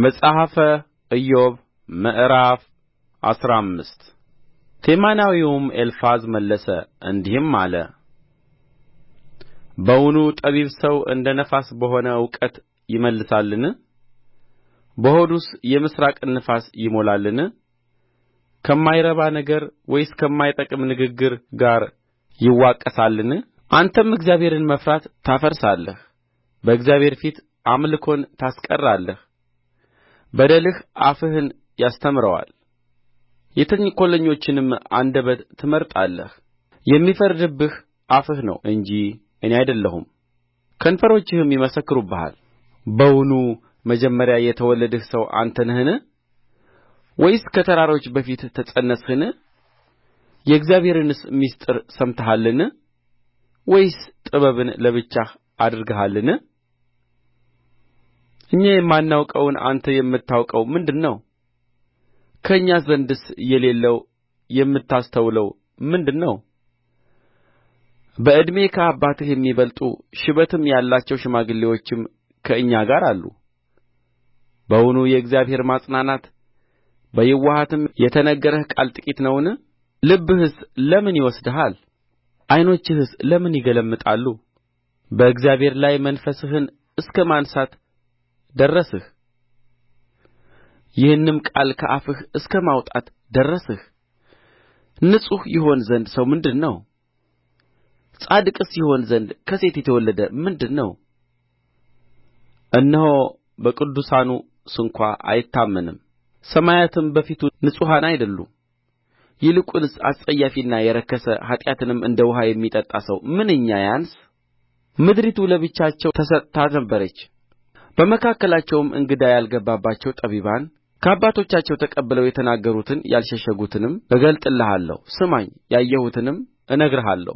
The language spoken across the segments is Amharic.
መጽሐፈ ኢዮብ ምዕራፍ አስራ አምስት ቴማናዊውም ኤልፋዝ መለሰ እንዲህም አለ በውኑ ጠቢብ ሰው እንደ ነፋስ በሆነ እውቀት ይመልሳልን በሆዱስ የምሥራቅን ነፋስ ይሞላልን ከማይረባ ነገር ወይስ ከማይጠቅም ንግግር ጋር ይዋቀሳልን አንተም እግዚአብሔርን መፍራት ታፈርሳለህ በእግዚአብሔር ፊት አምልኮን ታስቀራለህ በደልህ አፍህን ያስተምረዋል የተንኰለኞችንም አንደበት ትመርጣለህ የሚፈርድብህ አፍህ ነው እንጂ እኔ አይደለሁም ከንፈሮችህም ይመሰክሩብሃል በውኑ መጀመሪያ የተወለድህ ሰው አንተ ነህን ወይስ ከተራሮች በፊት ተፀነስህን የእግዚአብሔርንስ ምሥጢር ሰምተሃልን ወይስ ጥበብን ለብቻህ አድርገሃልን እኛ የማናውቀውን አንተ የምታውቀው ምንድር ነው ከእኛ ዘንድስ የሌለው የምታስተውለው ምንድር ነው በዕድሜ ከአባትህ የሚበልጡ ሽበትም ያላቸው ሽማግሌዎችም ከእኛ ጋር አሉ በውኑ የእግዚአብሔር ማጽናናት በየውሃትም የተነገረህ ቃል ጥቂት ነውን ልብህስ ለምን ይወስድሃል ዓይኖችህስ ለምን ይገለምጣሉ በእግዚአብሔር ላይ መንፈስህን እስከ ማንሣት ደረስህ ይህንም ቃል ከአፍህ እስከ ማውጣት ደረስህ ንጹሕ ይሆን ዘንድ ሰው ምንድር ነው ጻድቅስ ይሆን ዘንድ ከሴት የተወለደ ምንድር ነው እነሆ በቅዱሳኑ ስንኳ አይታመንም ሰማያትም በፊቱ ንጹሐን አይደሉም ይልቁንስ አስጸያፊና የረከሰ ኃጢአትንም እንደ ውኃ የሚጠጣ ሰው ምንኛ ያንስ ምድሪቱ ለብቻቸው ተሰጥታ ነበረች በመካከላቸውም እንግዳ ያልገባባቸው ጠቢባን ከአባቶቻቸው ተቀብለው የተናገሩትን ያልሸሸጉትንም እገልጥልሃለሁ ስማኝ ያየሁትንም እነግርሃለሁ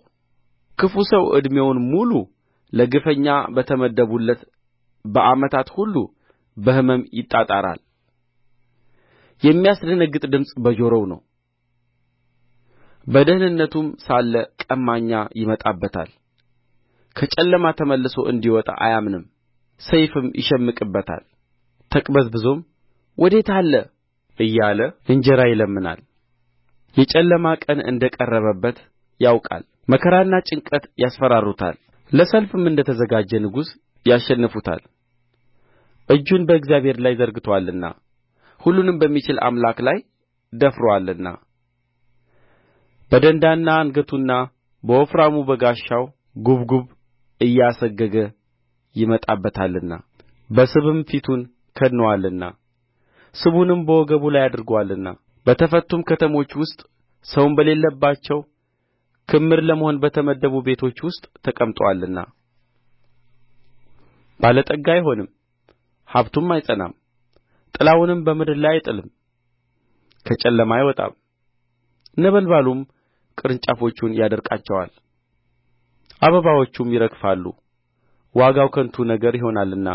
ክፉ ሰው ዕድሜውን ሙሉ ለግፈኛ በተመደቡለት በዓመታት ሁሉ በሕመም ይጣጣራል የሚያስደነግጥ ድምፅ በጆሮው ነው በደኅንነቱም ሳለ ቀማኛ ይመጣበታል ከጨለማ ተመልሶ እንዲወጣ አያምንም ሰይፍም ይሸምቅበታል ተቅበዝብዞም ወዴት አለ እያለ እንጀራ ይለምናል የጨለማ ቀን እንደ ቀረበበት ያውቃል መከራና ጭንቀት ያስፈራሩታል ለሰልፍም እንደ ተዘጋጀ ንጉሥ ያሸንፉታል እጁን በእግዚአብሔር ላይ ዘርግቶአልና ሁሉንም በሚችል አምላክ ላይ ደፍሮአልና በደንዳና አንገቱና በወፍራሙ በጋሻው ጕብጕብ እያሰገገ ይመጣበታልና በስብም ፊቱን ከድኖአልና ስቡንም በወገቡ ላይ አድርጎአልና በተፈቱም ከተሞች ውስጥ ሰውም በሌለባቸው ክምር ለመሆን በተመደቡ ቤቶች ውስጥ ተቀምጦአልና ባለጠጋ አይሆንም ሀብቱም አይጸናም ጥላውንም በምድር ላይ አይጥልም ከጨለማ አይወጣም ነበልባሉም ቅርንጫፎቹን ያደርቃቸዋል አበባዎቹም ይረግፋሉ ዋጋው ከንቱ ነገር ይሆናልና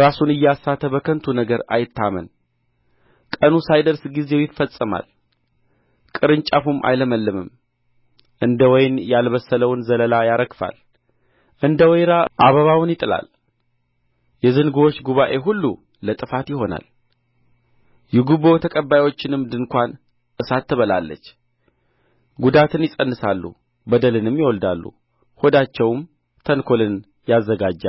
ራሱን እያሳተ በከንቱ ነገር አይታመን ቀኑ ሳይደርስ ጊዜው ይፈጸማል ቅርንጫፉም አይለመልምም እንደ ወይን ያልበሰለውን ዘለላ ያረግፋል እንደ ወይራ አበባውን ይጥላል የዝንጉዎች ጉባኤ ሁሉ ለጥፋት ይሆናል የጉቦ ተቀባዮችንም ድንኳን እሳት ትበላለች ጉዳትን ይፀንሳሉ በደልንም ይወልዳሉ ሆዳቸውም ተንኰልን ያዘጋጃል